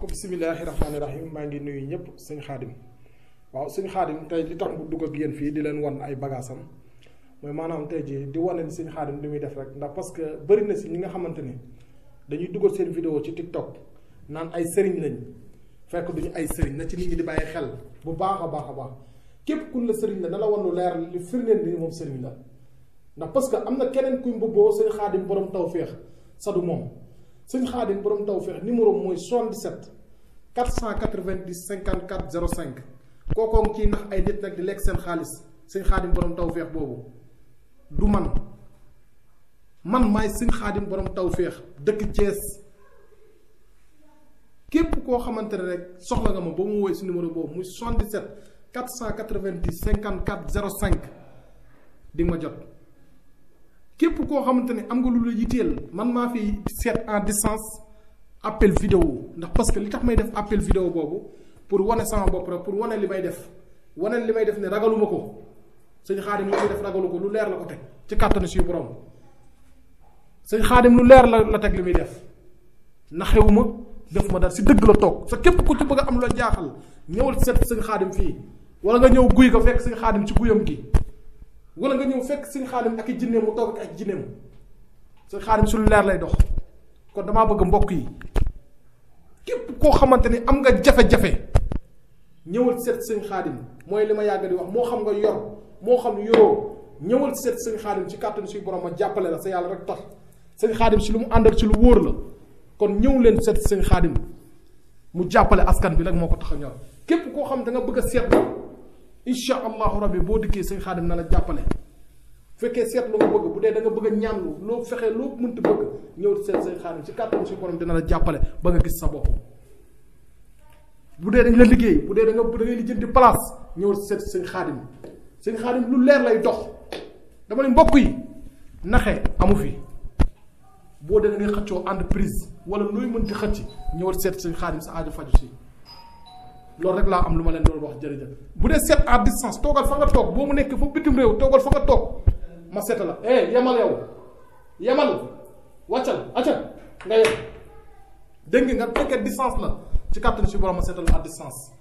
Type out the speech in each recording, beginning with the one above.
ko bisimilahi rahmaani rahim maa ngi nuyu ñëpp sëñ xaadim waaw sëñ xaadim tey li tax mu dugg ak yéen fii di leen wan ay bagaasam mooy maanaam tey jii di wane ni sëñ xaadim li muy def rek ndax parce que bëri na si ñi nga xamante ni dañuy dugal seen vidéo ci TikTok naan ay sëriñ lañ fekk duñu ay sëriñ na ci di bàyyi xel bu baax a baax a baax képp kun la sëriñ la na la wan lu leer li firndeel ni moom sëriñ la ndax parce que am na keneen kuy mbubboo sëñ xaadim borom tawféex sa du moom sëñ xaadim borom tawfiq numéro moy 77 490 54 05 koko ngi ci nax ay nit nak di lek sen khalis sëñ xaadim borom tawfiq bobu du man man may sëñ xaadim borom tawfiq dëkk ties képp koo xamantene rek soxla nga ma ba mu woy si numéro boobu muy 77 490 54 05 di ma jot. képp koo xamante ne am nga lu la yitteel man maa fi en distance appel vidéo ndax parce que li tax may def appel vidéo boobu pour wane sama bopp pour wane li def wane li def ne ragaluma ko sëñ xaadim def ragalu ko lu leer la ko teg ci suñu borom lu leer la la teg li def naxewuma def ma la toog sa képp ku ci bëgg am la jaaxal ñëwal seet sëñ xaadim fii wala nga ñëw guy ko fekk sëñ xaadim ci guyam gi wala nga ñëw fekk sëñ xaadim ak i jinneem mu toog ak ak jinneem sëñ xaadim su leer lay dox kon damaa bëgg mbokk yi képp koo xamante ni am nga jafe-jafe ñëwal seet sëñ xaadim mooy li ma yàgg di wax moo xam nga yor moo xam yoroo ñëwal seet sëñ xaadim ci kàttan suy borom ma jàppale la sa yàlla rek tax sëñ xaadim si lu mu àndal ci lu wóor la kon ñëw leen seet sëñ xaadim mu jàppale askan bi rek moo ko tax a ñor képp koo xam da nga bëgg a seet incha allahu rabbi boo dikkee sëñ khadim na la jàppale fekkee seet lu nga bëgg bu dee da nga bëgg a ñaanlu loo fexee loo mënti bëgg ñëw seet sëñ khadim ci kàttan suñu borom dina la jàppale ba nga gis sa bopp bu dee dañ la liggéey bu dee da nga da ngay lijjanti place ñëw seet sëñ khadim sëñ khadim lu leer lay dox dama ne mbokk yi naxe amu fi boo dee da ngay xëccoo entreprise wala looy mënti xëcc ñëw seet sëñ khadim sa aajo faju si loolu rek laa am lu ma leen doon wax jërëjëf bu dee seet à distance toogal fa nga toog boo mu nekk fa bitim réew toogal fa nga toog ma seet la eh yemal yow yemal wàccal acca nga yem dégg nga fekkee distance la ci kàttan si borom ma seetal à distance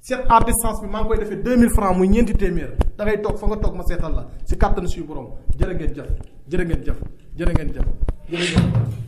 seet à distance bi maa ngi koy defee 2000 francs muy ñeenti téeméer da ngay toog fa nga toog ma seetal la si kàttan si borom jërë ngeen jëf jërë ngeen jëf jërë ngeen jëf jërë ngeen jëf